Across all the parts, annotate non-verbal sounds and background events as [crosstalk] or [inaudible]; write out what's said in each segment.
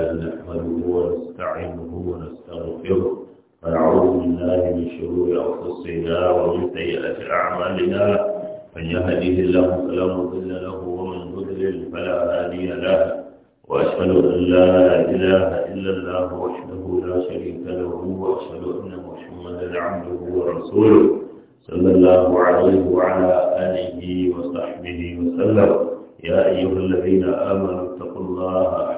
نحمده ونستعينه ونستغفره ونعوذ بالله من شرور أنفسنا ومن سيئات أعمالنا من يهده الله فلا مضل له ومن يضلل فلا هادي له وأشهد أن لا إله إلا الله وحده لا شريك له وأشهد أن محمدا عبده ورسوله صلى الله عليه وعلى آله وصحبه وسلم يا أيها الذين آمنوا اتقوا الله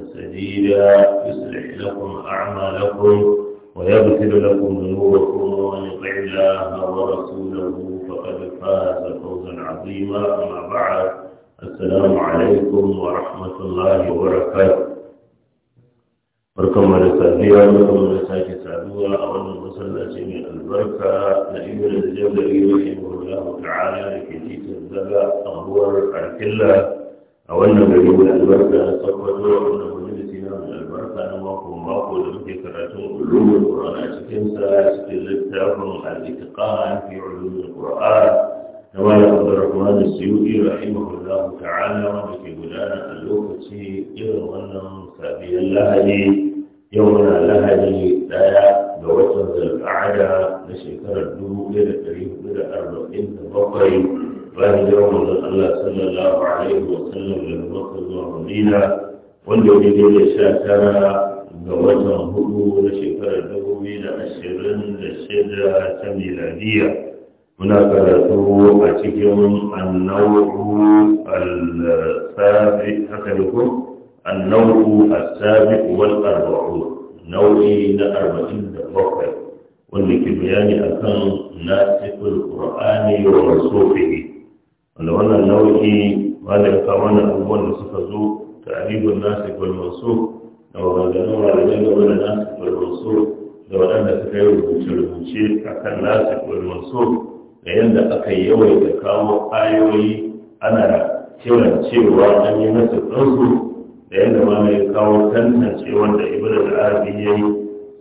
شديدا يصلح لكم أعمالكم ويغفر لكم ذنوبكم ومن يطع الله ورسوله فقد فاز فوزا عظيما أما بعد السلام عليكم ورحمة الله وبركاته بركم على سبيل الله ومن ساك سعدوا أول مسلة من البركة نعيم الجبل رحمه الله تعالى لكي تنزل أمور الكلة أول نبي من البركة صفة أول يكون هناك من يكون هناك من يكون هناك من يكون هناك من يكون هناك من يكون نوايا عبد الرحمن السيوطي رحمه الله تعالى وبك بلانا اللوكتي إذا ظنم سابيا لهدي يومنا لهدي دايا دوتنا ذا القعدة نشكر الدوء إلى تريه إلى أربعين تبقي فهي يوم الله صلى الله عليه وسلم للمقصد ورمينا wanda ya da sha tara ga watan hudu na shekarar dubu biyu da ashirin da shida ta miladiya muna karatu a cikin annau'u al-sabi haka ne kun annau'u al-sabi wal arba'u nau'i na arba'in da bakwai wanda ke bayani akan nasifin qur'ani wa rasulihi wanda wannan nau'i wanda ya kawo wannan abubuwan da suka zo تعريب الناس والمنصوب da maganganun malamai game da nasu kwalmansu da waɗanda suka yi rubuce-rubuce a kan nasu kwalmansu da yadda aka yawai da kawo ayoyi ana kiran cewa an yi nasu ɗansu da yadda ma mai kawo tantance wanda ibada da arabi ya yi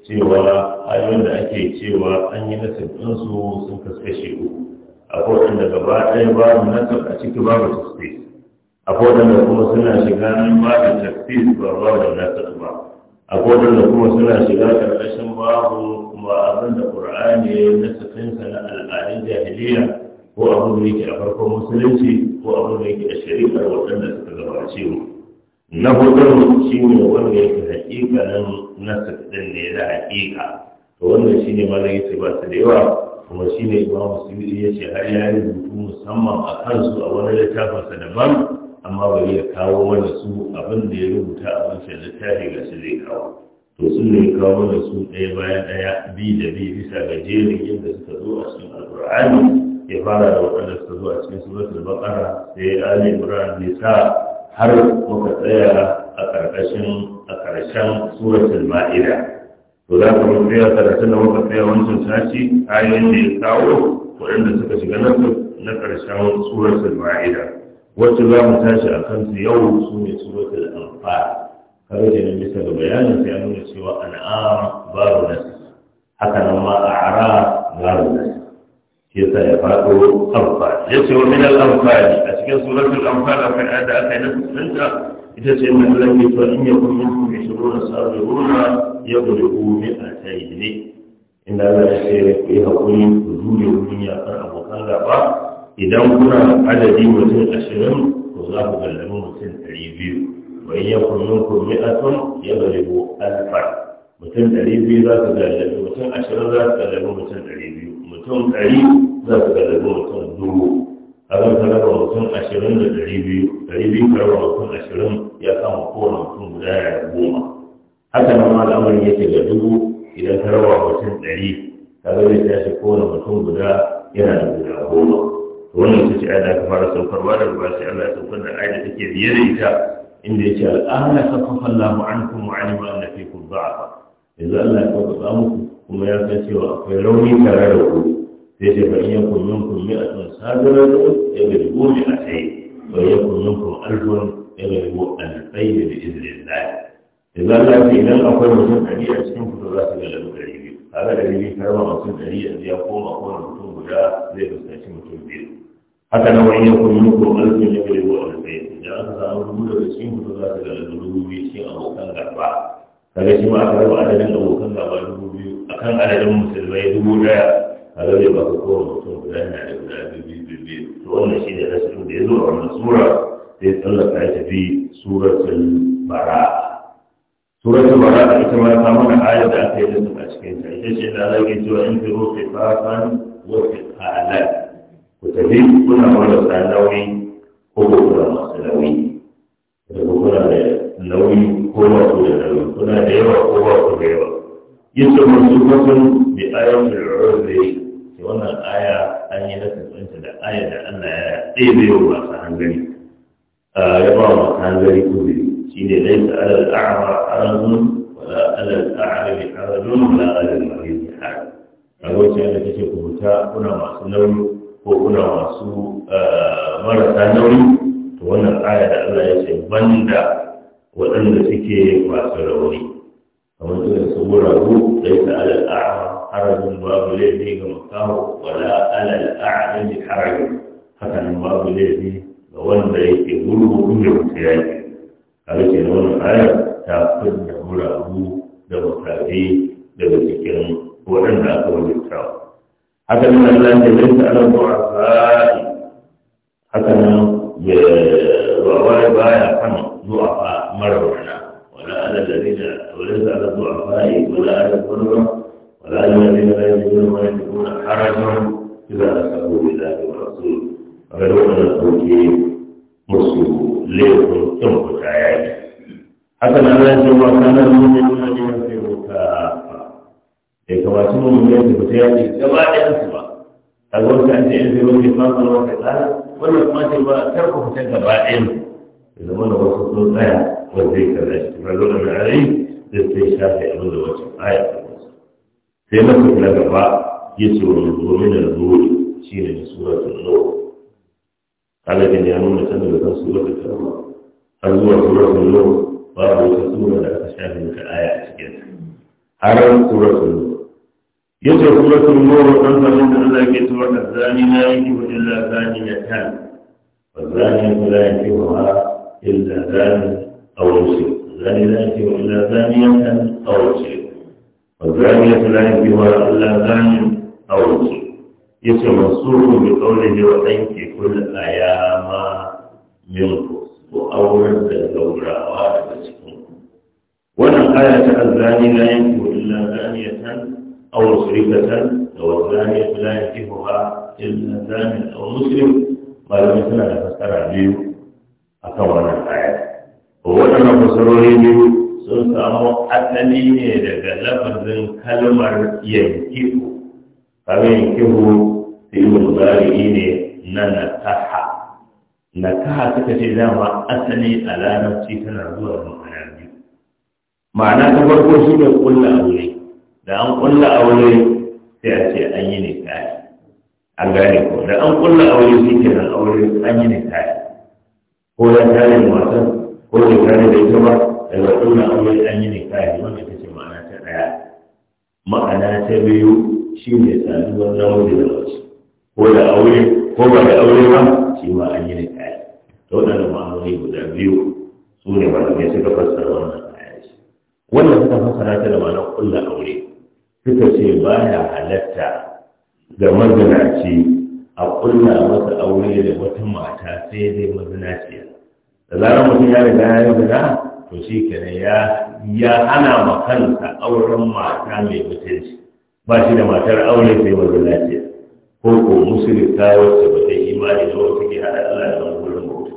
cewa ayoyin da ake cewa an yi nasu ɗansu sun kaskashe uku akwai wanda gaba ɗaya babu nasu a ciki babu tasiri akwai da kuma suna shiga nan da tafsir ba da nasu ba akwai da kuma suna shiga ƙarƙashin babu kuma abin da ƙur'ani na sakinsa na al'adun jahiliya ko abin da yake a farkon musulunci ko abin da yake a shari'ar waɗanda suka gabace mu na hudun shi ne wanda yake nan nasu ɗin ne na haƙiƙa to wannan shi ne malam yake ba su da yawa kuma shi ne imamu sibiri ya ce har ya rubutu musamman a kansu a wani littafinsa daban amma ba ya kawo mana su abin da ya rubuta a wancan littafi ga su zai kawo to sun ne kawo mana su ɗaya bayan ɗaya bi da bi bisa ga jerin yadda suka zo a cikin alƙur'ani ya fara da waɗanda suka zo a cikin suratul baqara sai ali imran nisa har muka tsaya a ƙarƙashin a ƙarshen suratul ma'ida to za ka mun tsaya karatu da muka tsaya wancan sashi ayoyin da ya kawo waɗanda suka shiga na ƙarshen suratul ma'ida wacce za mu tashi a kansu yau su ne suratul anfal kare da nan bisa ga bayanin sai an nuna cewa an'am babu nasi haka nan ma a'ra babu nasi shi yasa ya faɗo anfal ya ce wa min al-anfal a cikin suratul anfal akwai ayat da aka yi nasu sunta ita ce mai lalle to in ya kun minkum ishruna sabiruna ya gudu bulu mi'atayn inda Allah ya ce ku yi haƙuri ku jure wurin yakar abokan gaba idan kuna adadi mutum ashirin to za ku gallabi mutum ɗari biyu wai ya kunun ku mi'atun ya ko alfar mutum ɗari biyu za ku gallabi mutum ashirin za ku gallabi mutum ɗari biyu mutum ɗari za su gallabi mutum dubu abin ka raba mutum ashirin da ɗari biyu ɗari biyu ka raba mutum ashirin ya kama kowane mutum guda ya goma haka nan ma al'amarin yake ga dubu idan ka raba mutum ɗari ka zai shi kowane mutum guda yana da guda goma wannan ita ce ayat da aka fara saukarwa da ruwa sai Allah ya saukar da ayat take biye da ita inda yake al'ana kafafa Allahu ankum wa alima anna fikum da'afa yanzu Allah ya kafafa muku kuma ya san cewa akwai rauni tare da ku sai ce fa a yakun minkum mi'atun sabiratun yaghlibu mi'atayn wa yakun minkum alfun yaghlibu da bi idhnillah yanzu Allah ya ce idan akwai mutum ɗari a cikin ku za su galabu ɗari biyu tare da ɗari biyu karama mutum ɗari yanzu ya koma kowane mutum guda zai fuskanci haka na wani yakun muku alfin ya kai wa alfai da aka samu rubu daga cikin mutu za su ga dubu biyu cikin abokan gaba kaga shi ma aka raba adadin abokan gaba dubu biyu akan adadin musulmai dubu daya kaga zai ka kowa mutum guda na da guda biyu biyu biyu to wannan shi ne rasulun da ya zo a wannan sura sai tsallaka ta tafi suratul bara suratul bara da ita ma ta mana ayar da aka yi da su a cikin ta ita ce da Allah ke cewa in firo fifafan wa fifalan ku tafi kuna marasa nauyi ko kuna masu nauyi da kuna da nauyi ko ba ku da nauyi kuna da yawa ko ba ku da yawa yadda masu kwakwan bi ayatul urzi wannan aya an yi nasarfinta da aya da Allah ya ɗebe yau masu hangari ya ba masu hangari kuzuri shi ne laisa alal a'ama arazun wala alal a'ami arazun wala alal marid har a lokacin da take kubuta kuna masu nauyi ko kuna masu eh, marasa nauyi to wannan aya da Allah ya ce banda waɗanda suke masu rauni kamar irin su wuraru sai ta alal a'ma harajin babu laifi ga makaho wala alal a'ma harajin haka nan babu laifi ga wanda yake gurgurun da mutu yaki kaga ke na wannan aya ta da wuraru da mutane, daga cikin waɗanda aka wani tawa haka nan Allah ya rinka ala du'afa'i haka nan ya wawai baya kan du'afa mara wana wala ala ladina wala ala yi wala ala qurra wala ala ladina la yajiduna ma yajiduna harajan idza asabu billahi wa rasul haka da wannan sauke musu laifin kyan kuta yaki haka nan ya ce wa kanar mu'minin bai kamata mu ne da ta yaƙi gaba ɗayan su ba a ga wasu an ce yan zai wani fasa na wata tsara wannan kuma ce ba kar ku fita gaba ɗayan da zama da wasu sun tsaya wanda ya kaza shi kuma zo da na'ari da sai shafe abin da wata tsaya sai masu na gaba ya ce wani domin da zuwa shi ne da suratun nuwa adadin ya nuna can daga kan suratun karama har zuwa suratun nuwa babu wata sura da aka shafe maka aya a cikin har suratun nuwa yace kuma sun moro dan sanin da Allah ke tuwa da zani na yake wa illa zani ya ta wa zani la yake wa illa zani aw yusi zani la yake wa illa zani ya ta aw yusi wa zani la yake wa illa zani aw yusi yace masuku bi qawlihi wa tanki kull ayama minku ko auren da gaurawa daga cikin wannan aya ta azzani la yanku illa zaniyatan أو مصرفة وثانية لا يتفها إلا زان أو مسلم قال مثلا فسر بيو أكون الآية وأنا مصروري بيو sun samu asali ne daga lafazin kalmar yankihu kamar yankihu filin zari'i ne na nakaha nakaha suka ce dama asali a larabci tana zuwa ma'ana ma'ana ta farko shi ne kulla aure da an kulla aure sai a ce an yi ne kai an gane ko da an kulla aure shi ke nan aure an yi ne kai ko da ta yi wasan ko da tare da ita ba daga kulla aure an yi ne kai wanda ta ce ma'ana ta ɗaya ma'ana ta biyu shi ne saduwar namiji da wasu ko da aure ko ba da aure ba shi ma an yi ne kai da waɗanda ma'anoni guda biyu su ne malamai suka fassara wannan ayaci wannan suka fassara ta da ma'anar kulla aure suka ce ba ya halatta ga mazinaci a kulla masa aure da wata mata sai dai mazinaciya da zarar mutum ya riga ya yi zina to shi kenan ya ya hana ma kansa auren mata mai mutunci ba shi da matar aure sai mazinaciya ko ko musulunta wacce ba ta imani da wata ke hada Allah da wani wurin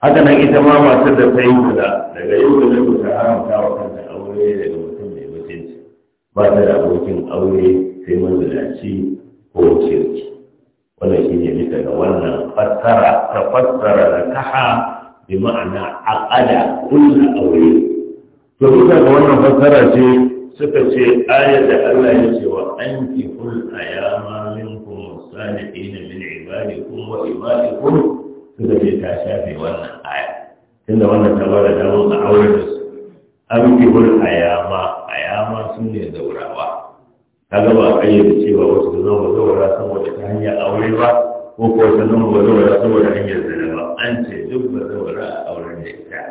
haka nan ita ma matar da ta yi kula daga yau da ta haramta wa kanta aure daga ba ta da abokin aure sai mazulaci ko shirki wannan shi ne bisa ga wannan fassara ta fassara da kaha bi ma'ana aƙada kulla aure to bisa ga wannan fassara ce suka ce ayar da Allah ya ce wa an ki kul ayama minkum salihin min ibadikum wa ibadikum suka ce ta shafe wannan aya tunda wannan ta bada damar a aure da su an rufe wurin ayama ayama sun ne zaurawa kaga ba kayyade cewa wasu da zama zaura saboda ta hanyar aure ba ko kuwa ta zama zaura saboda hanyar zina ba an ce duk ba zaura a auren da ita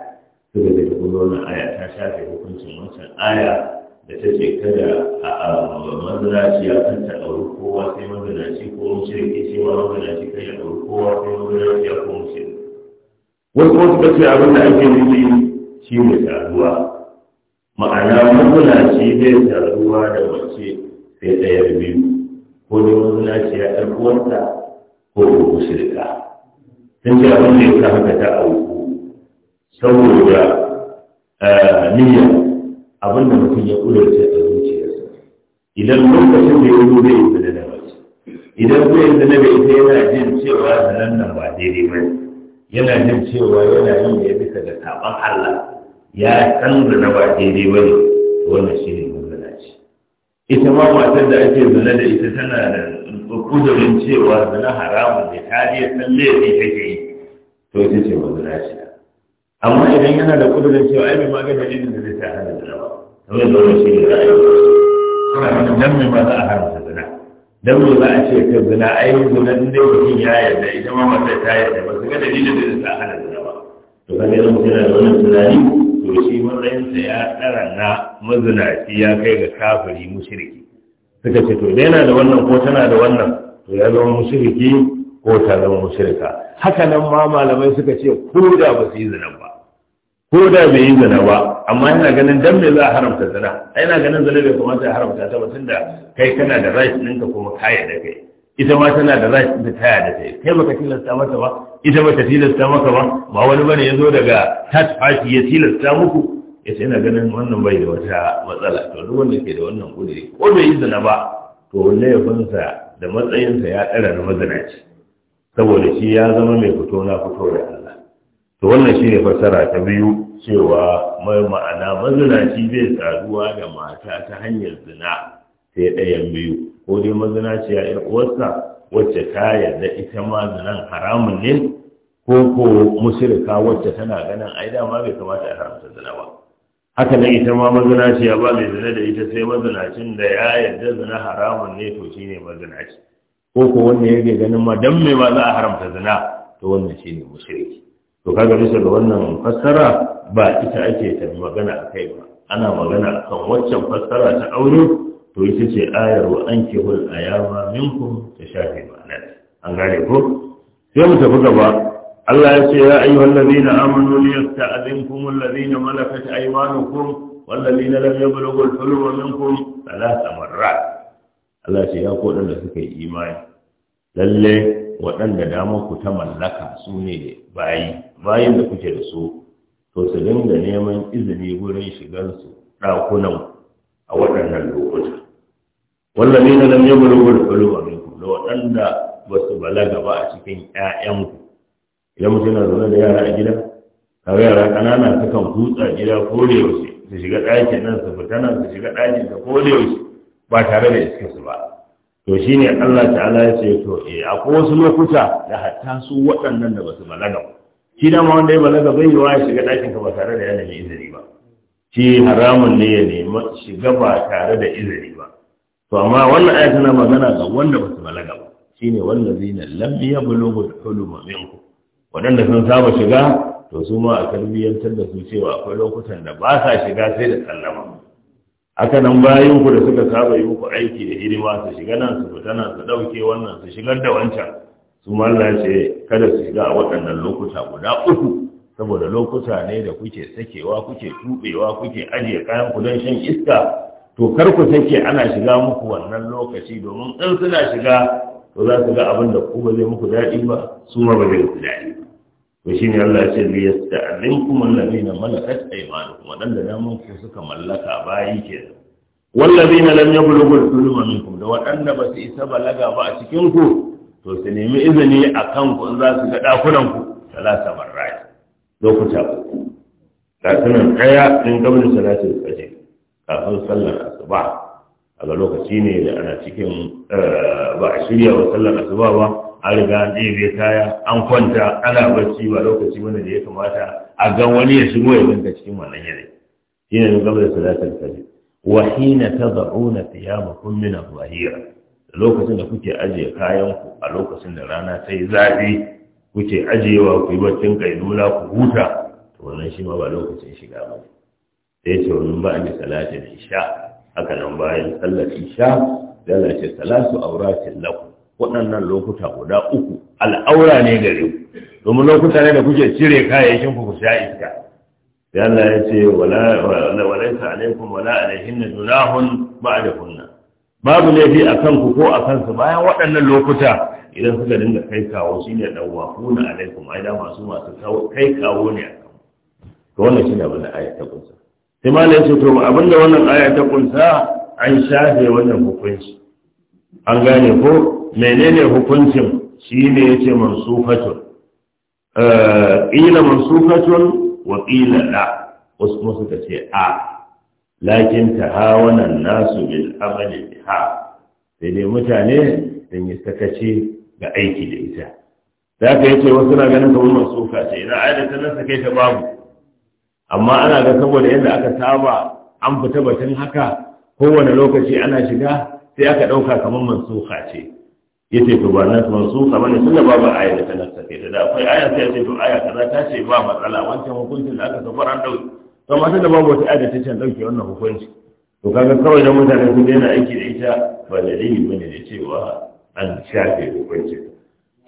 suka ce ta kuma wani aya ta shafe hukuncin wancan aya da ta ce kada a mazanaci ya kanta auri kowa sai mazanaci ko mushriki shi ma mazanaci kai ya auri kowa sai mazanaci ya ko mushriki wasu wasu kace abin da ake nufi shi ne taruwa ma'ana mazulaci zai taruwa da mace sai ɗaya biyu ko dai mazulaci ya ɗan ɗarkuwarta ko ko shirka sun ce abin da ya sa haka ta auku saboda eh, niyya abin da mutum ya ƙudurce a zuciyarsa idan lokacin da ya zo zai yi zane da mace idan zai yi zane da ita yana jin cewa zanen nan ba daidai ba yana jin cewa yana yin da ya bisa ga saɓon Allah ya san na ba daidai ba ne wannan shi ne ce. ita ma matar da ake zina da ita tana da kudurin cewa zina haramun ne kariyar san laifi take yi to ita ce ce amma idan yana da kudurin cewa ai bai ma ga dalilin da zai sa hana zina ba kamar da wannan shi ne ra'ayin kuma dan me ma za a haramta zina dan me za a ce ka zina ai zina din dai mutum ya yarda ita ma matar ta yarda ba su ga dalilin da zai sa hana zina ba to kan yanzu mutum da wannan tunani to shi matsayinsa ya tsara na mazinaci ya kai ga kafiri mushiriki suka ce to yana da wannan ko tana da wannan to ya zama mushriki ko ta zama mushrika haka nan ma malamai suka ce ko da ba su yi zina ba ko da bai yi zina ba amma yana ganin dan me za a haramta zina yana ganin zina bai kamata ya haramta ta ba tunda kai kana da right ɗinka kuma kaya da kai ita ma tana da right da kaya da kai kai baka tilasta mata ba ita ba ta tilasta maka ba ba wani bane ya zo daga third party ya tilasta muku ya ce yana ganin wannan bai da wata matsala to duk wanda ke da wannan kudiri ko bai yi zina ba to wanda ya da matsayinsa ya tsara na mazinaci saboda shi ya zama mai fito na fito da Allah to wannan shine fassara ta biyu cewa mai ma'ana mazinaci zai saduwa da mata ta hanyar zina sai ɗayan biyu ko dai mazinaci ya ƴar uwarsa wacce ta yarda ita ma nan haramun ne ko ko musirka wacce tana ganin ai ma bai kamata a haramta zina ba haka nan ita ma mazinaci ya ba mai zina da ita sai mazinacin da ya yarda zina haramun ne to shine mazinaci ko ko wanda yake ganin ma dan me ba za a haramta zina to wannan shine mushriki to kaga bisa ga wannan fassara ba ita ake ta magana akai ba ana magana akan waccan fassara ta aure to ita ce ayar wa an ke hul a yawa minkum ta shafi ma'ana an gane ko sai mu tafi gaba Allah ya ce ya ayyuhal ladina amanu liyasta'zinkum alladhina malakat aymanukum والذين لم يبلغوا الحلم minkum ثلاث marra? Allah ce ya ko waɗanda suka yi imani lalle waɗanda damar ku ta mallaka su ne bayi bayin da kuke da su to su dinga neman izini wurin su ɗakunan a waɗannan lokuta wallazina lam yablughu al-huluma minkum da waɗanda ba su balaga ba a cikin ƴaƴanku idan mutum yana zaune da yara a gida kaga yara ƙanana sukan kutsa gida ko da yaushe su shiga ɗakin nan su fita nan su shiga ɗakin ka ko da yaushe ba tare da su ba to shine Allah ta'ala ya ce to eh akwai wasu lokuta da hatta su waɗannan da ba su balaga ba shi dama wanda ya balaga bai yi wa ya shiga ɗakin ka ba tare da yanayin izini ba shi haramun ne ya nema shiga ba tare da izini to amma wannan aya tana magana ga wanda ba su balaga ba shine wallazina lam yablughu huluma minkum wadanda sun saba shiga to su ma a tarbiyyantar da su cewa akwai lokutan da ba sa shiga sai da sallama haka nan bayan ku da suka saba yi muku aiki da hidima su shiga nan su fita nan su dauke wannan su shigar da wancan su ma Allah ce kada su shiga a waɗannan lokuta guda uku saboda lokuta ne da kuke sakewa kuke tubewa kuke ajiye kayan ku don shan iska to kar ku ana shiga muku wannan lokaci domin in suna shiga to za su ga abin da ku ba zai muku daɗi ba su ma ba zai ku daɗi ba shi ne Allah ya ce li yasta'linkum alladhina malakat aymanukum da namun ku suka mallaka bayi kenan wallazina lam yablughu al sulma minkum da wadanda ba su isa balaga ba a cikin ku to su nemi izini a kanku in za su ga dakunan ku salasa marrat lokuta uku ɗakunan ɗaya in gabin salatin fajr kafin sallar asuba a ga lokaci ne da ana cikin eh, ba a shirya wa sallar asuba ba an riga an ɗebe kaya an kwanta ana barci ba lokaci wanda da ya kamata a ga wani ya shigo ya ganka cikin wannan yanayi shi ne gaba da salatar fajr wa hina tad'una thiyabakum min adh-dhahira lokacin da kuke ajiye kayan ku a lokacin da rana ta yi kuke ajiyewa ku yi baccin nuna ku huta to wannan shi ma ba lokacin shiga ba ne sai ce wani ba Salatu salatin isha haka nan bayan sallar isha yana ce salatu auratin lakum waɗannan lokuta guda uku al'aura ne gare ku domin lokuta ne da kuke cire kayayyakin ku ku sha iska sai Allah ya ce wala wala ta alaikum wala alaihin junahun ba'da kunna babu laifi akan ku ko akan su bayan waɗannan lokuta idan suka dinga kai kawo shine dan wafuna alaikum ai da masu masu kai kawo ne to wannan shine wannan da sai ce to abinda wannan aya ta kunsa an shafe wannan hukunci an gane ko menene hukuncin shi ne ya ce mansufatun eh, ƙila mansufatun wa ƙila la wasu suka ce a lakin ta wannan nasu bil amali ha sai dai mutane sun yi sakaci ga aiki da ita za ka yi ce wasu na ganin kamar mansufa ce ina aida ta nasa kai ta babu amma ana ga saboda yadda aka saba an fita batun haka kowane lokaci ana shiga sai aka ɗauka kamar mansuka ce ya ce to ba na mansuka ba ne tun babu aya da ta nasta ke da akwai aya sai ce to aya kaza ta ce ba matsala wancan hukuncin da aka safar an ɗauki to amma da babu wata aya da ta ce an ɗauke wannan hukunci to kaga kawai da mutane sun daina aiki da ita ba dalili ba ne da cewa an shafe hukuncin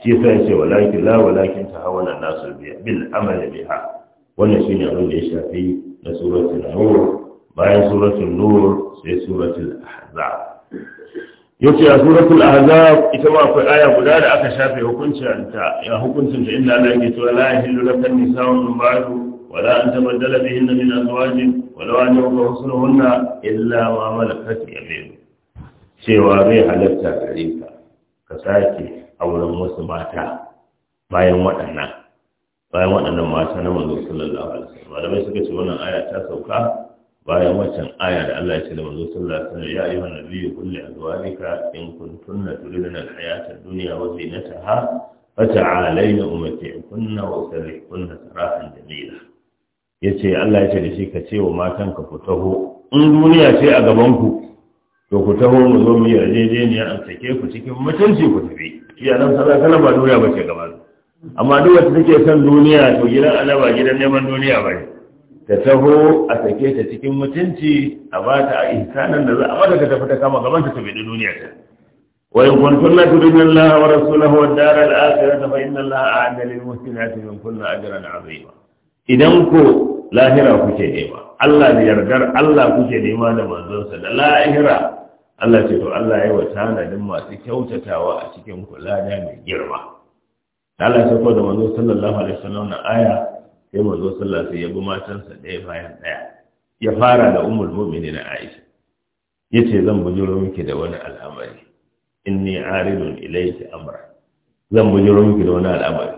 shi yasa ya ce walakin la walakin ta hawa na nasu bil amal biha wannan shi ne abin da ya shafi na suratul nur bayan suratul nur sai suratul ahzab yace a suratul ahzab ita ma akwai aya guda da aka shafe hukuncin hukuncinta ya hukuncinta inda Allah yake cewa la yahillu lakan nisa'u min ba'du ولا أن تبدل بهن من أزواج ولو أن يغفرهن إلا ما ملكت يمينك cewa zai halatta gare ka ka sake auren wasu mata bayan waɗannan bayan waɗannan mata na manzo sallallahu alaihi wasallam malamai suka ce wannan aya ta sauka bayan wancan aya da Allah ya ce da manzo sallallahu alaihi wasallam ya ayyuhan nabiyyu qul li azwajika in kuntunna turidna al-hayata ad-dunya wa zinataha fata'alayna umatti'kunna wa sarrihkunna sarahan jamila yace Allah ya ce da shi ka ce wa matanka ku taho in duniya ce a gaban ku to ku taho mu zo mu yarjejeniya an sake ku cikin mutunci ku tafi Ya iyalan sallallahu alaihi wasallam ba duniya bace gaban ku amma duk wata take son duniya to gidan alaba gidan neman duniya bai ta taho a sake ta cikin mutunci a ba ta a ihsanan da za a mata ta tafi ta kama gaban ta ta duniya ta wa in kuntum la tudun Allah wa rasulahu wad dar al akhirah fa inna Allah a'adda lil muhsinati min kulli ajrin azima idan ko lahira kuke nema Allah da yardar Allah kuke nema da manzonsa da lahira Allah ce to Allah ya wa tanadin masu kyautatawa a cikin kula da mai girma Allah ya sako da manzo sallallahu alaihi wasallam na aya sai manzo sallallahu alaihi ya bi matansa ɗaya bayan ɗaya ya fara da ummul mu'minin Aisha yace zan bujuro miki da wani al'amari inni aridun ilayki amra zan bujuro miki da wani al'amari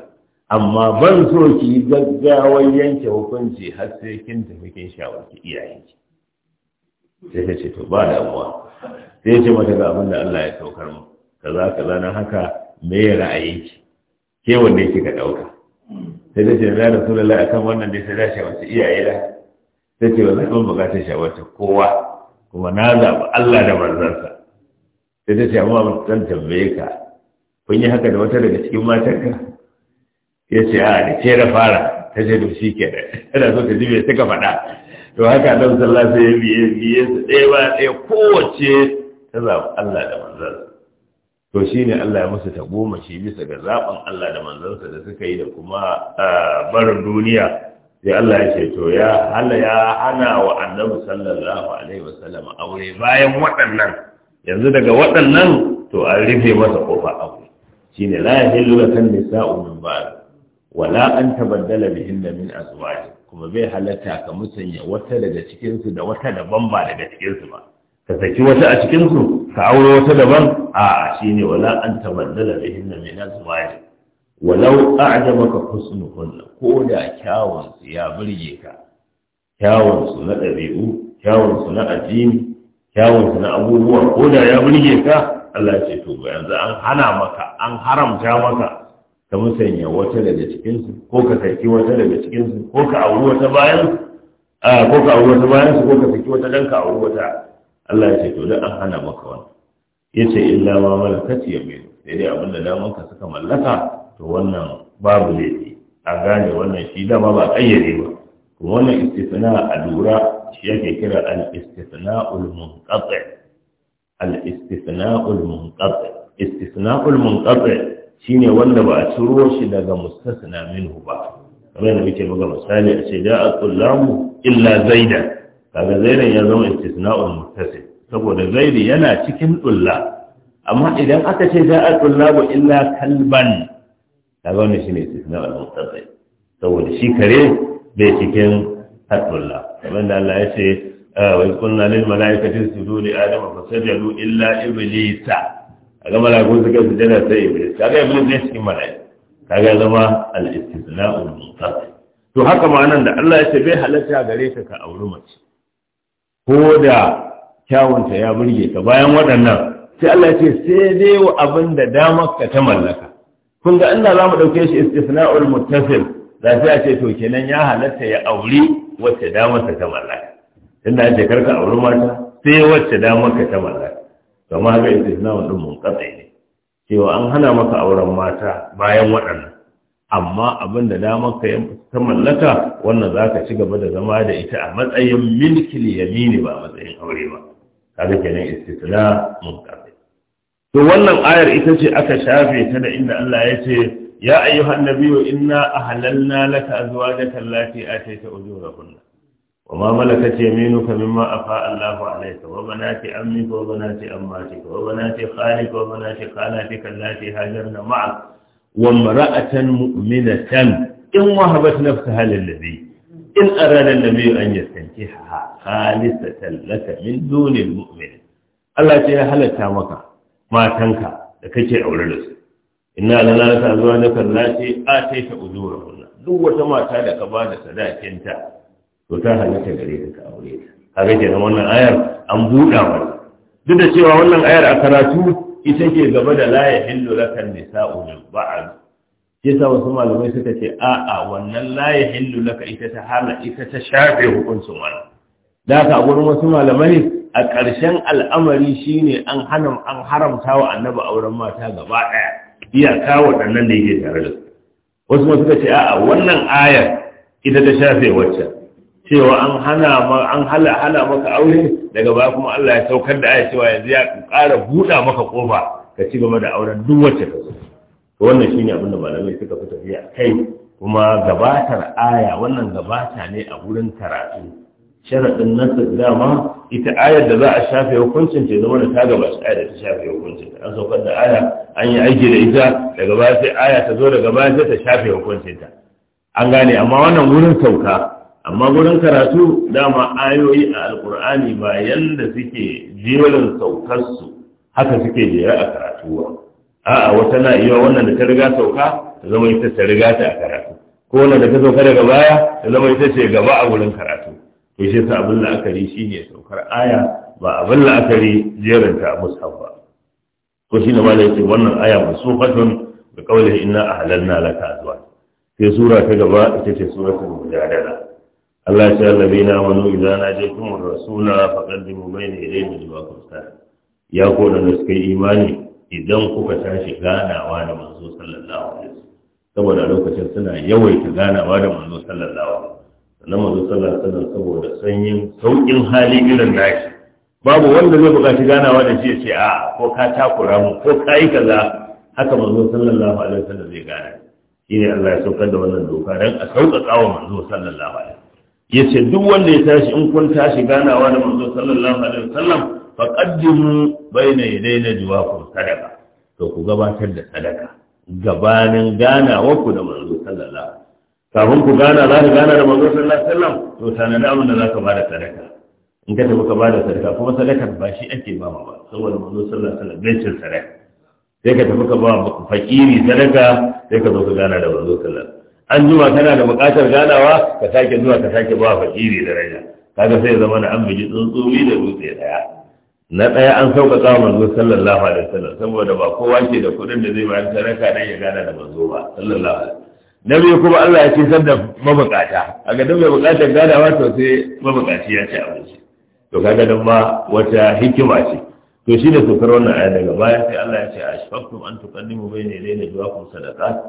amma ban so ki gaggawa yanke hukunci har sai kin tafi kin shawarci iyayenki sai ta ce to ba damuwa sai ya ce mata ga abin da Allah ya saukar mu kaza kaza na haka me ra'ayinki ke wanne yake ka ɗauka sai ta ce ya rasu lallai akan wannan da sai za shawarci iyaye da ta ce wannan ban bukatar wace kowa kuma na zaɓi Allah da manzansa sai ta ce amma zan tambaye ka kun yi haka da wata daga cikin matanka ya ce a da ke da fara ta ce da shi ke da yana so ta ji mai suka faɗa to haka nan sallah sai ya biye biye su ɗaya ba ɗaya kowace ta zaɓi Allah da manzansa to shi ne Allah ya musu ta shi bisa ga zaɓin Allah da manzansa da suka yi da kuma barin duniya sai Allah ya ce to ya hala ya hana wa annabi sallallahu alaihi wa sallam aure bayan waɗannan yanzu daga waɗannan to an rufe masa kofa aure shine la yahillu lakan nisa'u min ba'd wala an tabaddala bihinna min azwaj kuma bai halatta ka musanya wata daga cikinsu da wata daban ba daga cikin ba ka saki wata a cikinsu ka aure wata daban a shi ne wala an tabaddala da hinna mai na zuwaya walau a'jabaka kunna ko da kyawunsu ya burge ka kyawunsu na ɗabi'u kyawunsu na addini kyawunsu na abubuwa ko da ya burge ka Allah ce to yanzu an hana maka an haramta maka ka musanya wata daga cikinsu ko ka saki wata daga cikinsu ko ka auri wata bayan ko ka auri wata bayan su ko ka saki wata dan ka auri wata Allah ya ce to da an hana maka wannan yace illa ma malakat yamin sai dai abin da daman ka suka mallaka to wannan babu laifi a gane wannan shi dama ba kayyade ba kuma wannan istisna a lura shi yake kira al-istisna'ul munqati al-istisna'ul munqati istisna'ul munqati shine wanda ba a ciro shi daga mustasna minhu ba kamar da muke buga misali a ce da a tsullamu illa zaidan kaga zairin ya zama istisna'ul muttasil saboda zairi yana cikin dulla amma idan aka ce dulla dullabu illa kalban kaga wannan shine istisna'ul muttasil saboda shi kare bai cikin hadulla. kamar da Allah ya ce ah, wa kunna lil mala'ikati isjudu li adama fasajadu illa iblisa kaga mala'iku suka sujada sai iblis kaga iblis ne cikin mala'ika kaga zama al-istisna'ul muttasil to haka ma nan da Allah ya ce bai halatta gare ka ka auri mace ko da kyawunta ya burge ka bayan waɗannan sai Allah ce sai dai wa abin da damar ka ta mallaka kun ga Allah za mu ɗauke shi istisna'ul muttasil za sai a ce to kenan ya halatta ya auri wacce damar ta mallaka tunda ya ce karka auri mata sai wacce damar ka ta mallaka kamar haka istisna'ul din munqati ne cewa an hana maka auren mata bayan waɗannan amma abin da damar ka ya ta mallaka wannan za ka ci gaba da zama da ita a matsayin milkin yamini ba matsayin aure ba kaga kenan istitla munkafi to wannan ayar ita ce aka shafe ta da inda Allah ya ce ya ayyuhan nabiyyu inna ahlalna laka azwajaka allati atayta ujurahunna وما ملكت يمينك مما أفاء الله عليك وبنات أمك وبنات أماتك وبنات خالك وبنات خالاتك اللاتي هاجرن معك وامرأة مؤمنة in wahabat nafsaha lillazi in arada annabi an yastankiha khalisatan laka min dunil mu'min Allah ce ya halatta maka matanka da kake aure da su inna lana ta zuwa da kallati ataita duk wata mata da ka ba da sadakinta to ta halitta gare ka ka aure ta kaga kenan wannan ayar an buɗa mata duk da cewa wannan ayar a karatu ita ke gaba da la yahillu lakan nisa'u min ba'd yasa wasu malamai suka ce a'a wannan laye hindu laka ita ta hana ita ta shafe hukuncin wani da haka gurin wasu malamai a ƙarshen al'amari shine an hana an haramta wa annabi auren mata gaba ɗaya iyaka waɗannan da yake tare da su wasu ma suka ce a'a wannan ayar ita ta shafe wacce cewa an hana ma an hala hana maka aure daga baya kuma Allah ya saukar da ayar cewa yanzu ya ƙara buɗa maka kofa ka ci gaba da auren duk wacce ka so to wannan shine abin da malamai suka fi tafiya kai kuma gabatar aya wannan gabata ne a wurin karatu sharaɗin da dama ita ayar da za a shafe hukuncin ce zama da ta gabashi ayar da ta shafe hukuncin an saukar da aya an yi aiki da ita daga baya sai aya ta zo daga baya sai ta shafe hukuncin ta. an gane amma wannan wurin sauka amma wurin karatu dama ayoyi a alkur'ani ba yanda suke jerin saukarsu haka suke jere a karatuwa a'a wata na iya wannan da ta riga sauka ta zama ita ta riga ta a karatu ko wannan da ta sauka daga baya ta zama ita ce gaba a wurin karatu to shi sa abin la'akari shine saukar aya ba abin la'akari jerin ta mushaf ba ko ne ma yace wannan aya masufatun da qawlihi inna ahlalna laka azwa sai sura ta gaba ita ce suratul mujadala Allah ya ce allazina na idza najaytum rasula ne bayna yadayhi wa qul ya ko da suka yi imani idan kuka tashi ganawa da manzo sallallahu alaihi wasallam saboda lokacin suna yawaita ganawa da manzo sallallahu alaihi wasallam sannan manzo sallallahu alaihi wasallam saboda sanyin saukin hali irin nashi babu wanda zai buƙaci ganawa da shi ya ce a ko ka takura mu ko ka yi kaza haka manzo sallallahu alaihi wasallam zai gane shine Allah ya saukar da wannan doka dan a sauƙaƙa wa manzo sallallahu alaihi wasallam yace duk wanda ya tashi in kun tashi ganawa da manzo sallallahu alaihi wasallam faƙaddimu bai na yadai na juwakun sadaka to ku gabatar da sadaka gabanin ku da manzo sallallahu kafin ku gana za ka gana da manzo sallallahu alaihi wasallam to tanadi abin da za ka bada sadaka in ka tafi ka bada sadaka kuma sadakar ba shi ake ba ba saboda manzo sallallahu alaihi wasallam bai cin sadaka sai ka tafi ka ba fakiri sadaka sai ka zo ka gana da manzo sallallahu an zuwa kana da buƙatar ganawa ka sake zuwa ka sake ba fakiri daraja kaga sai zama da an biji tsuntsumi da dutse daya na ɗaya an sauƙaƙa manzo sallallahu alaihi wasallam saboda ba kowa ke da kuɗin da zai ta raka dan ya gana da manzo ba sallallahu alaihi na biyu kuma Allah ya ce da mabukata a ga dan mai bukatar ganawa to sai mabukaci ya ci abinci to kaga dan ma wata hikima ce to shi da tokar wannan aya daga baya sai Allah ya ce a shafaktum an tuqaddimu bayna ilayna jawakum sadaqat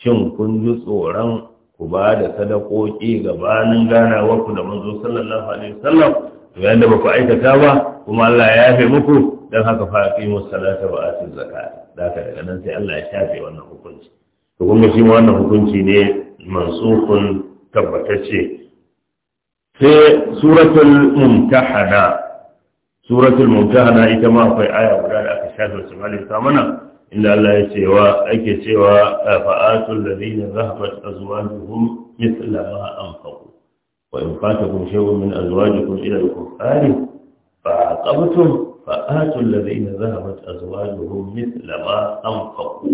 shin kun ji tsoron ku ba da sadakoki gabanin ganawar ku da manzo sallallahu alaihi wasallam to da ba baku aikata ba kuma Allah ya yafe muku dan haka fa aqimu salata wa atu zakata da ka daga nan sai Allah ya shafe wannan hukunci to kuma shi wannan hukunci ne mansukun tabbatacce sai suratul mumtahana suratul mumtahana ita ma akwai aya guda da aka shafe su malika mana inda Allah ya cewa ake cewa fa'atul ladina zahabat azwajuhum mithla ma anfaqu وإن فاتكم شيء من أزواجكم إلى الكفار فعاقبتم فآتوا الذين ذهبت أزواجهم مثل ما أنفقوا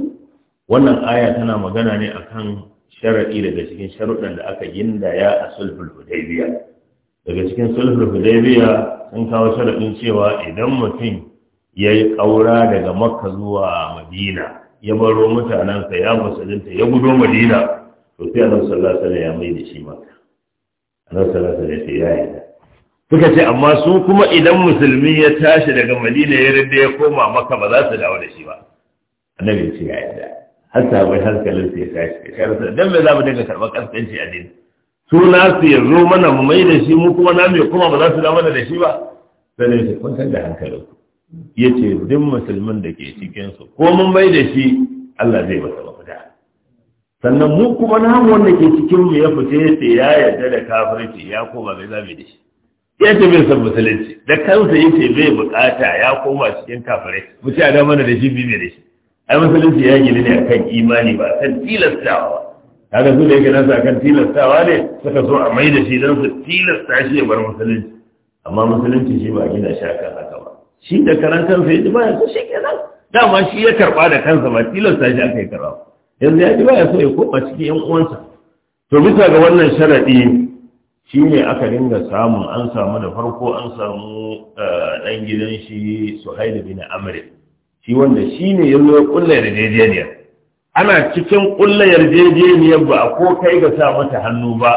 wannan aya tana magana ne akan sharaɗi daga cikin sharuɗan da aka gindaya a sulhul hudaybiya daga cikin sulhul hudaybiya sun kawo sharaɗin cewa idan mutum ya yi ƙaura daga makka zuwa madina ya baro mutanensa ya musulunta ya gudo madina to sai annabi sallallahu alaihi wasallam ya mai da shi ba. ya yi suka ce amma su kuma idan musulmi ya tashi daga madina ya rinda ya koma maka ba za su dawo da shi ba annabi ya ce ya yadda. har sabai hankalin su ya tashi karsa dan me za mu dinga karɓar kaskanci a dini su su ya zo mana mu mai da shi mu kuma na mai kuma ba za su dawo mana da shi ba sai ya ce san da ku ya ce duk musulmin da ke cikinsu ko mun mai da shi Allah zai masa sannan mu kuma namu wanda ke cikin mu ya fita ya ya yarda da kafirci ya koma bai zame da shi ya ce bai san musulunci da kansa ya ce bai bukata ya koma cikin kafirai mu ce a mana da shi bi da shi ai musulunci ya gini ne akan imani ba kan tilastawa ba kaga su da yake nasa akan tilastawa ne suka so a mai da shi don su tilasta shi ya bar musulunci amma musulunci shi ba gina shi akan haka ba shi da karan kansa ya ji ba ya so shi kenan dama shi ya karba da kansa ba tilasta shi aka yi karba yanzu ya ji baya so ya koma cikin yan uwansa to bisa ga wannan sharadi shine aka ringa samun an samu da farko an samu dan eh, gidan shi Suhail bin Amr shi wanda shine yazo ya kulla yarjejeniya ana cikin kulla yarjejeniyar ba a ko kai ga sa mata hannu ba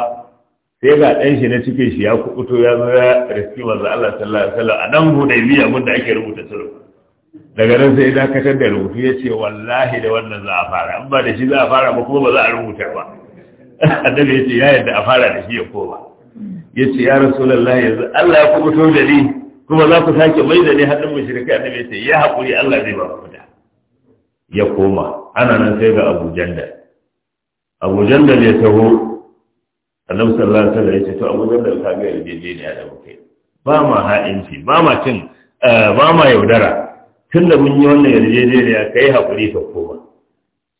sai ga dan shi na cikin shi ya kubuto ya zo ya riski wanzu Allah sallallahu alaihi wasallam a dan Hudaybiya mun da ake rubuta sulhu daga nan sai dakatar da rubutu ya ce wallahi da wannan za a fara Amma ba da shi za a fara ba kuma ba za a rubuta ba [laughs] annabi ya ce ya yadda a fara da shi ya koma ya ce ya rasulallah yanzu Allah ya kubuto da ni kuma za ku sake mai da ni haɗin mushrika annabi ya ce ya haƙuri Allah zai ba ku ya koma ana nan sai ga Abu Jandal Abu ya taho annabi sallallahu alaihi wasallam ya ce to Abu ka ga yarjejeniya da muke ba ma ha'inci ba ma cin eh, ba ma yaudara tun mun yi wannan yarjejeniya ka yi haƙuri ka koma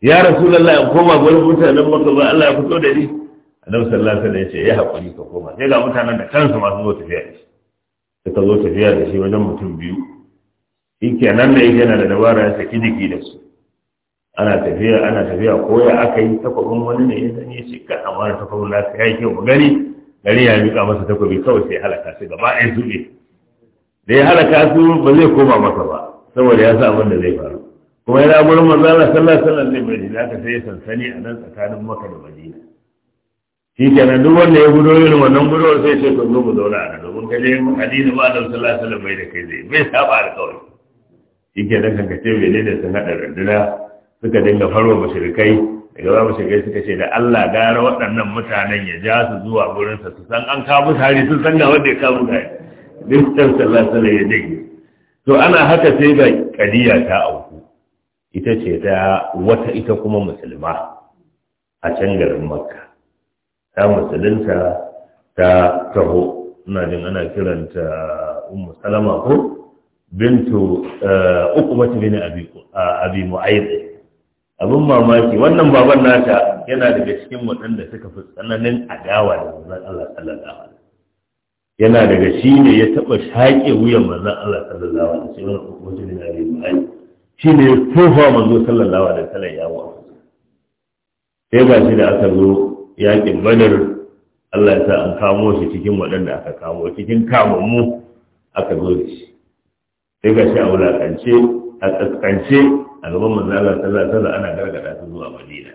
ya rasu lallai an koma gwani mutanen maka ba Allah ya fito da ni annabi sallallahu alaihi wasallam ya ce ya haƙuri ka koma sai ga mutanen da kansu masu zo tafiya da shi suka zo tafiya da shi wajen mutum biyu shi kenan da yake yana da dabara ya saki jiki da su ana tafiya ana tafiya ko ya aka yi takwabin wani ne ya sani ya ce ka da takwabin na ya yi kyau gani gari ya miƙa masa takwabi kawai sai halaka sai gaba ɗaya zuɓe da ya halaka su ba zai koma masa ba saboda ya sa abin da zai faru kuma yana gurin manzo Allah sallallahu alaihi wasallam zai bari da aka sai sansani a nan tsakanin Makka da Madina shi kenan duk wanda ya gudo irin wannan gudowar sai ce to zo mu zauna a nan domin kaje Madina ba da sallallahu alaihi wasallam bai da kai zai bai saba alƙawari shi kenan kan kace bai ne da sun hada runduna suka dinga farwa mushrikai daga ba mushrikai suka ce da Allah gara waɗannan mutanen ya ja su zuwa gurinsa su san an kawo mutane sun san ga wanda ya kawo mutane duk sallallahu alaihi wasallam ya dage to ana haka sai ga kadiya ta auku ita ce ta wata ita kuma musulma a can garin makka ta musulunta ta taho ina jin ana kiranta ummu salama ko bintu eh, uqbat bin abi abi mu'ayyid Abin mamaki wannan baban nata yana daga cikin waɗanda suka fi tsananin adawa da wanzan Allah sallallahu alaihi yana daga shi ne ya taɓa shaƙe wuyan manzan Allah sallallahu alaihi wasallam wajen da ya shi ne ya tofa manzo sallallahu alaihi wasallam ya wa sai ba shi da aka zo yaƙin badar Allah ya sa an kamo shi cikin waɗanda aka kamo cikin kamammu aka zo da shi sai ga shi a wulaƙance a tsakance a gaban manzan Allah sallallahu alaihi wasallam ana gargada su zuwa Madina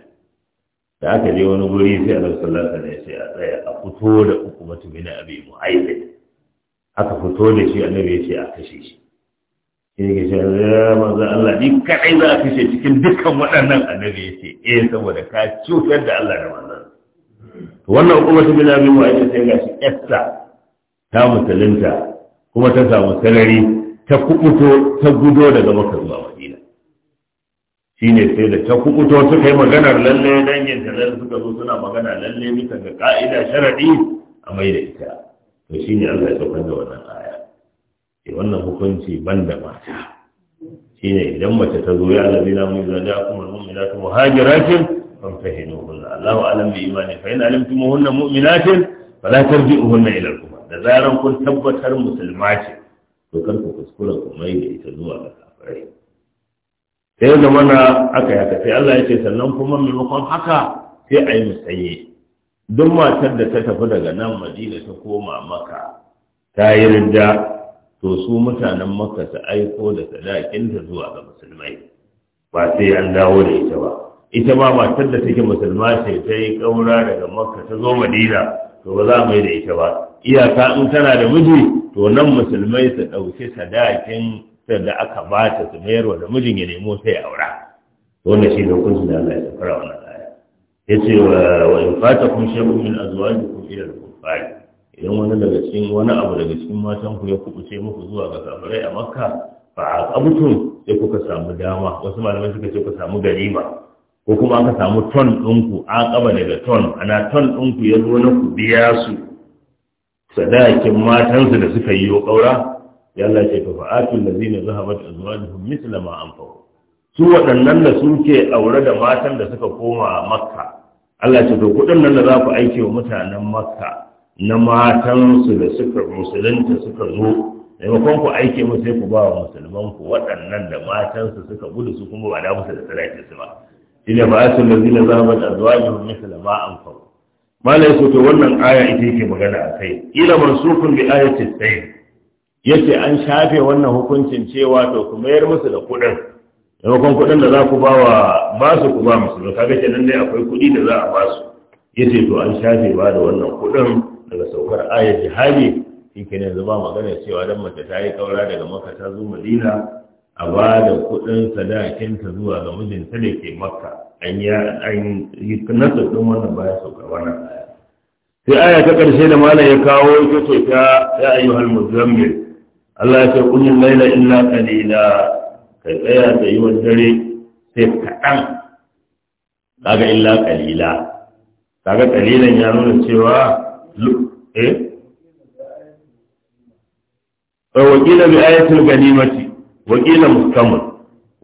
da aka je wani guri sai a sallallahu alaihi sai a tsaya a fito da uku mutum ina abi mu'ayyid aka fito da shi annabi ya ce a kashe shi shi ne ya manzo Allah ni kadai za a kashe cikin dukkan waɗannan annabi ya ce eh saboda ka cutar da Allah da manzon wannan hukumatu bin ina abi mu'ayyid sai ga shi esta ta musulunta kuma ta samu sarari ta kubuto ta gudo daga maka zuwa shine sai da ta kukuto suka yi maganar lalle dangin ta lalle suka zo suna magana lalle bisa ga ka'ida sharadi a mai da ita to shine Allah ya saukar da wannan aya sai eh, wannan hukunci banda mata shine idan mace ta zo ya alabi na mu zada kuma mu'minatu muhajiratin famtahinuhunna Allahu alam bi imani fa in alimtumuhunna mu'minatin fala tarji'uhunna ila al-kufar da zaran kun tabbatar musulma ce to kar ku kuskura ku mai da ita zuwa ga kafirai sai da na aka yaka sai Allah ya ce sannan kuma maimakon haka sai a yi musaye duk matar da ta tafi daga nan madina ta koma maka ta yi rinda to su mutanen maka su aiko da sadakinta zuwa ga musulmai ba sai an dawo da ita ba ita ma matar da take musulma ce ta yi kaura daga makka ta zo madina to ba za mu yi da ita ba iyaka in tana da miji to nan musulmai su ɗauki sadakin da aka ba ta su mayarwa da mijin ya nemo sai ya aura wannan shi ne da Allah ya saukar wannan aya ce, wa in fatakum shay'un min kun ila al-kuffar idan wani daga cikin wani abu daga cikin matan ku ya kubuce muku zuwa ga kafirai a makka fa aqabtum sai kuka samu dama wasu malamai suka ce kuka samu ganima ko kuma aka samu ton ɗinku ƙaba daga ton ana ton ɗinku ya zo na ku biya su sadakin matansu da suka yi wa ƙaura yalla ce fa fa'atul lazina zahabat azwajuhum misla ma anfaqu su waɗannan da suke aure da matan da suka koma makka Allah ce to kuɗin nan da za ku aike wa mutanen makka na matansu da suka musulunta suka zo maimakon ku aike mu sai ku ba wa musulman ku waɗannan da matansu suka gudu su kuma ba da musu da salati su ba shi ne fa'atul lazina zahabat azwajuhum misla ma anfaqu malai so to wannan aya ita yake magana akai ila mansukun bi ayati sayyid yace an shafe wannan hukuncin cewa to ku mayar musu da kuɗin maimakon kuɗin da za ku ba wa ba su ku ba musu kaga kenan dai akwai kuɗi da za a ba su yace to an shafe ba da wannan kuɗin daga saukar ayar jihadi shi ke yanzu ba magana cewa dan mace ta yi kaura daga maka ta zo madina a ba da kuɗin sadakinta zuwa ga mijinta da ke makka an yi nasa ɗin wannan baya saukar wannan aya sai aya ta ƙarshe da malam ya kawo ita ce ta ya ayyuhal muzammil Allah ya ce kullun laila illa qalila kai tsaya da yi dare sai kaɗan kaga illa qalila kaga qalilan ya nuna cewa eh fa wakila bi ayatul ganimati wakila muhkamal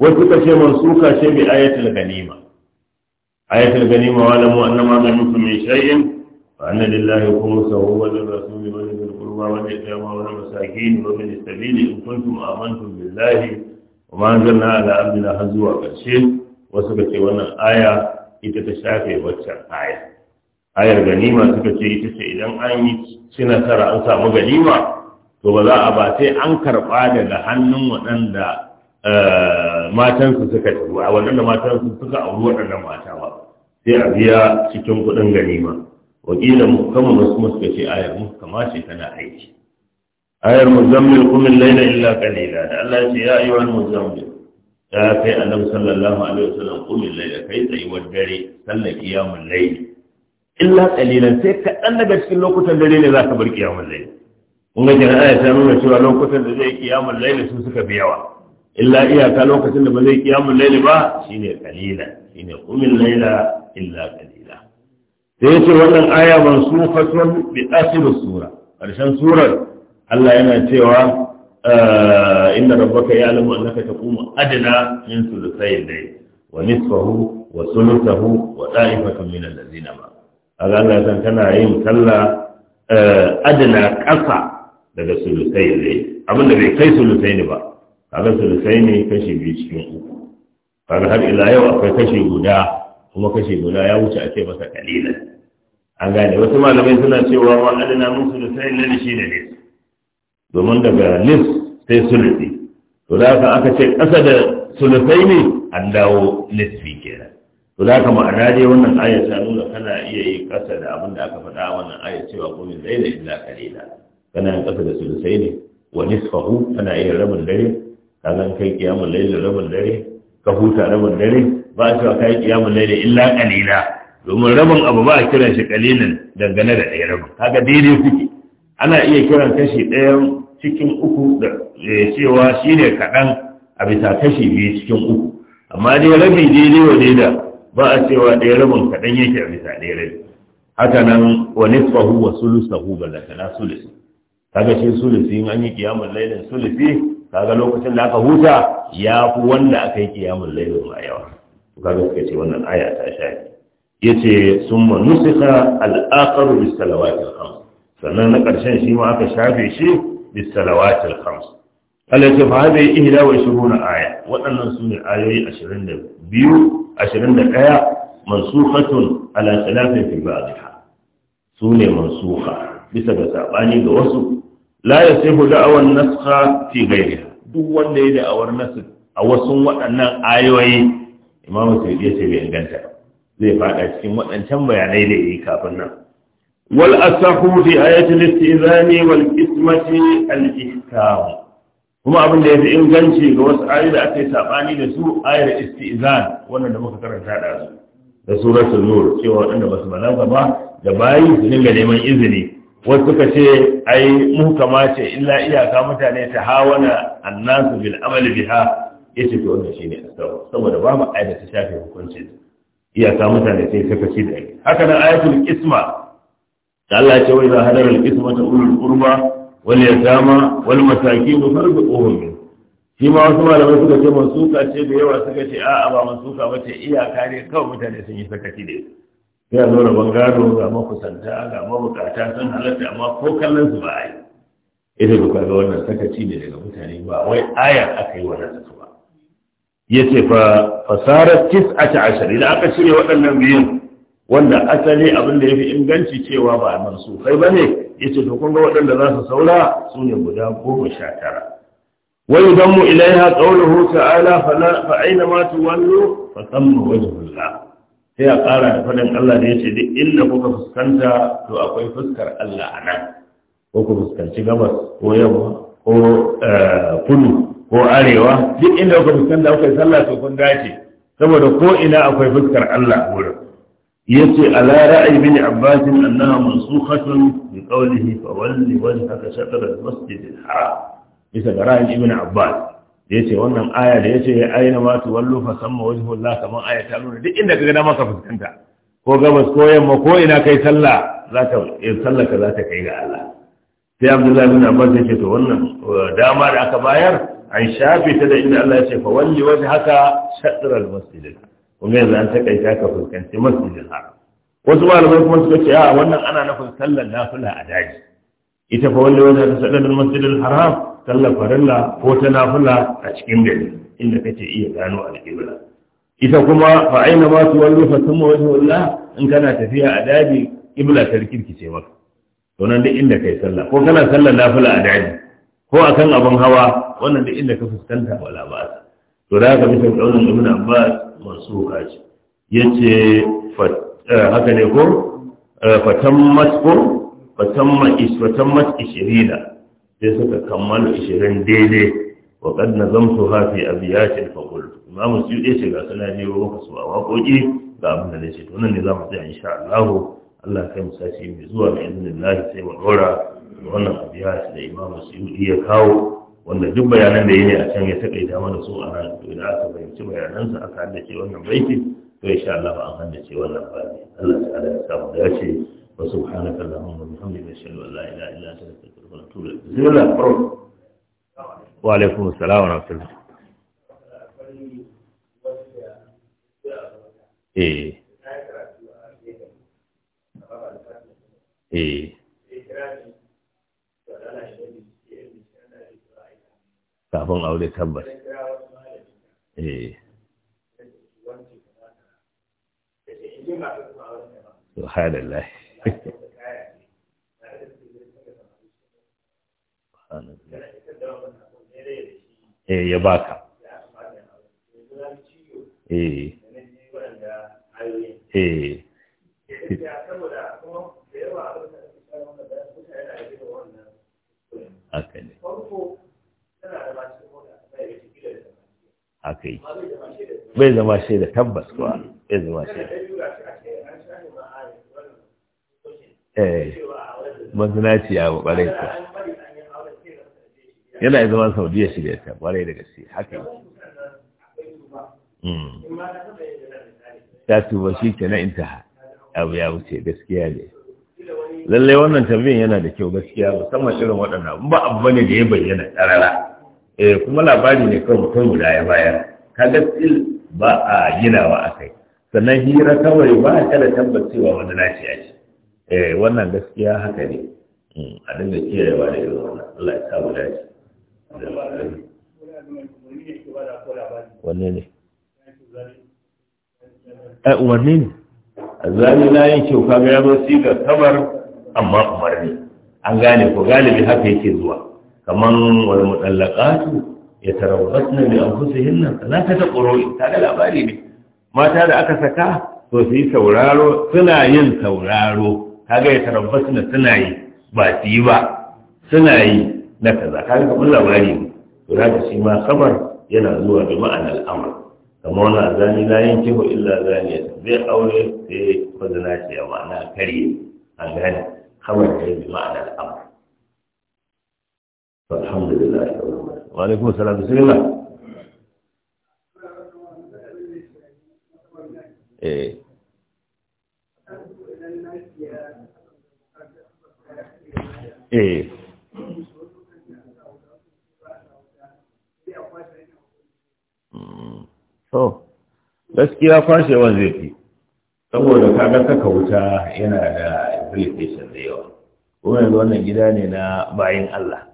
wasu kace mansuka ce bi ayatul ganima ayatul ganima wala mu annama ghanimtum min shay'in fa anna lillahi khumsahu wa lirrasuli wa ruwa wanda ya kai wani masaki ne wa mai sabi ne in kuntum amantum billahi wa ma anzalna ala abdina har zuwa ƙarshe wasu ka ce wannan aya ita ta shafe waccan aya ayar ganima suka ce ita ce idan an yi ci nasara an samu ganima to ba za a ba sai an karɓa daga hannun waɗanda matansu suka auri waɗanda mata ba sai a biya cikin kuɗin ganima wakila muhkamun wasu kuma suka ce ayar muhkama ce tana aiki ayar mu muzammil kumin laila illa kalila da Allah ce ya yi wani muzammil Ta kai annabi sallallahu alaihi wasallam kumin laila kai tsayuwar dare sallar kiyamun laili illa kalilan sai kaɗan daga cikin lokutan dare ne za ka bar kiyamun laili kun ga kenan ayar ta nuna cewa lokutan da zai kiyamun laili su suka fi yawa illa iyaka lokacin da ba zai kiyamun laili ba shine kalila, shine kumin laila illa kalila sai ya ce wannan aya ban mansufatun bi akhir sura karshen surar Allah yana cewa ah, inna rabbaka ya'lamu annaka taqumu adna min thuluthay al-layl wa nisfahu wa thuluthahu wa ta'ifatun min allazina ma kaga Allah san kana yin sallah eh, adna ƙasa daga thuluthay al-layl abin da bai kai thuluthay ne ba kaga thuluthay ne kashi biyu cikin uku kaga har ila yau akwai kashi guda kuma kashe guda ya wuce a ce masa kalilan an gane wasu malamai suna cewa ma adana mun sulusai na shi da lis domin daga nis sai sulusi to da haka aka ce ƙasa da sulusai ne an dawo nisfi kenan to da haka ma'ana dai wannan ayar ta nuna kana iya yi ƙasa da abin da aka faɗa wannan ayar cewa kuma zai da illa kalila kana yin ƙasa da sulusai ne wa nisfahu kana iya rabin dare kaga kai kiyamul lailin rabin dare ka huta rabin dare ba a cewa kai kiyamun laili illa qalila domin rabin abu ba a kiran shi qalilan dangane da ɗaya rabin kaga daidai kuke ana iya kiran kashi ɗayan cikin uku da eh, cewa shine kaɗan a bisa kashi biyu cikin uku amma dai rabi daidai wa daida ba a cewa ɗaya rabin kaɗan yake a bisa ɗaya rabi haka nan wa nisfahu wa sulusahu ballatana sulusi kaga shi sulusi in an yi kiyamun lailan sulusi kaga lokacin da aka huta ya fi wanda aka yi kiyamun laifin a yawa kaga suka ce wannan aya ta shafi ya ce sun ma nusika al'akaru bis salawatil khams sannan na ƙarshen shi ma aka shafe shi bis salawatil khams Allah ce fa hada ihda wa shuhuna aya waɗannan su ne ayoyi 22 21 mansukhatun ala salafin fi ba'dha su ne mansuha bisa ga sabani ga wasu la yasihu da'awan nasakha fi ghayriha duk wanda ya da'awar nasakh a wasu waɗannan ayoyi imam sai ce bai inganta zai faɗa cikin waɗancan bayanai da ya yi kafin nan wal asahu fi ayatil istizani wal ismati al ihkam kuma abin da fi inganci ga wasu ayoyi da aka yi sabani da su ayar istizan wannan da muka karanta da su da suratul nur cewa waɗanda ba su balaga ba da bayi su dinga neman izini wasu suka ce ai muhkama ce illa iyaka mutane ta hawana annasu bil amali biha yace to wannan shine asabu saboda ba mu ayata ta shafe hukunci iyaka mutane sai suka ci da haka nan ayatul isma da Allah ya ce wai za hadara al isma ta ulul qurba wal yatama wal masakin farzuquhum min shi ma wasu malamai suka ce mansuka ce da yawa suka ce a'a ba mansuka bace iyaka ne kawai mutane sun yi sakaci da ita sai a zo rabon gado ga makusanta ga mabukata sun halatta amma ko kallon su ba a yi ita ga kwaga wannan sakaci ne daga mutane ba wai aya aka yi wannan sakaci ba ya ce fa fasarar tis a ta ashari da aka cire waɗannan biyun wanda asali abin da ya fi inganci cewa ba a mansu kai ba ne ya ce to kun ga waɗanda za su saura su ne guda goma sha tara wani don mu ilaiha ƙaunar ta'ala fa aina matu tuwallo fa mu wajen Allah sai a ƙara da faɗin Allah da ya ce duk inda kuka fuskanta to akwai fuskar Allah a nan ko ku fuskanci gabas ko yamma ko eh, kudu ko arewa duk inda kuka fuskanta akwai sallah to kun dace saboda ko ina akwai fuskar Allah a wurin yace ala ra'ayi bin abbas annaha mansukhatun bi qawlihi fa walli wajhaka shatr al-masjid al-haram bisa ra'ayin ibn abbas da ce wannan aya da ya ce ya aina ma tuwallu fa samma wajhullah kaman aya ta nuna duk inda kaga dama ka fuskanta ko gabas ko yamma ko ina kai sallah zaka sallar ka ta kai ga Allah sai Abdullahi bin Abbas yace to wannan uh, dama da aka bayar an shafe ta da inda Allah yace fa walli wajhaka shatr al-masjid kuma yanzu an takaita ka fuskanci masjidil haram wasu malamai kuma suka ce a wannan ana nufin sallar nafila a daji ita fa walli wajhaka shatr al-masjid al-haram sallar farilla ko ta nafila a cikin gari inda kake iya gano alƙibla ita kuma fa aina ma tu wallu fa thumma wajhullah in kana tafiya a daji ibla ta rikirkice maka to nan duk inda kai sallah ko kana sallar nafila a daji ko akan abin hawa wannan duk inda ka fuskanta wala ba to da ka bisa kaunin ibn abbas masu haji yace eh, haka ne ko eh, fa ko is fa fatammat ishirina sai suka kammala ishirin daidai wa kad nazamtu ha fi da fa ma imam suyuti ce ga suna biyo maka a waƙoƙi ga abin da nace to nan ne za mu tsaya insha Allah Allah kai mu sace mai zuwa bi idnillah sai mu dora wannan abiyat da imam suyuti ya kawo wanda duk bayanan da yake a can ya takaita mana su a nan to idan aka fahimci sa aka haddace wannan baiti to insha Allah an ce wannan baiti Allah ta'ala ya samu dace وسبحانك اللهم وبحمدك اشهد ان لا اله الا انت استغفرك واتوب اليك بسم الله وعليكم السلام ورحمه الله ايه eh kafin aure ايه سبحان الله eh ya baka eh. Eh. bai zama shaida tabbas kuwa bai zama shaida eh mazinaciya ba ƙwarai ta yana yi zama saudiya shi da ta ƙwarai da gaske haka yi ta hmm. tuba shi ke na intaha abu ya wuce gaskiya ne lallai wannan tambayin yana da kyau gaskiya musamman irin waɗanda ba abu ne da ya bayyana ƙarara eh kuma labari ne kan mutum guda ya bayar kaga sil ba a ginawa a kai. sannan hira kawai ba a kada tabbacewa wani lafiya ce eh wannan gaskiya haka ne hmm, a dinga kiyayewa da irin wannan Allah ya sa mu dace wanne ne eh wanne ne azami na yin kyau kaga ya zo siga kabar amma umarni an gane ko galibi haka yake zuwa kaman wal mutallaqatu yatarawwasna bi anfusihinna salata ta ta da labari ne mata da aka saka to su yi sauraro suna yin sauraro kaga ya tarabbasu na suna yi ba su yi ba suna yi na kaza kaga kamar labari ne to ka shi ma kamar yana zuwa da ma'anar amr kamar wani zani na yin kiho illa zani zaniya zai aure sai zina shi ya ma'ana karye an gane kamar ta yi ma'anar amr alhamdulillah wa alaikum bismillah eh eh gaskiya kwashewan zai fi saboda kaga saka wuta yana da implication da yawa kuma yanzu wannan gida ne na bayan Allah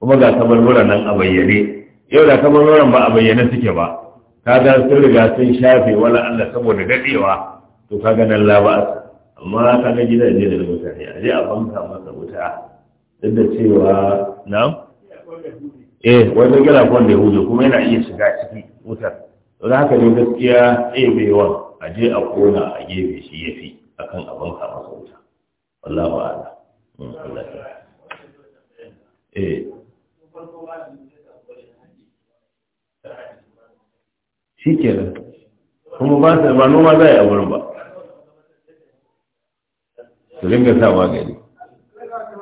kuma ga kabarburan nan a bayyane yau da kabarburan ba a bayyane suke ba kaga sun riga sun shafe wala Allah saboda dadewa to kaga nan labas amma kaga gidaje da mutane a je a banka masa wuta duk da cewa na eh wani gira kwan da yahudu kuma yana iya shiga cikin wutar don haka ne gaskiya ɗebewan a je a kona a gefe shi ya fi a kan abin kama sauta wallah ba hmm, eh shi ke nan kuma ba noma za a yi a wurin ba su ringa sa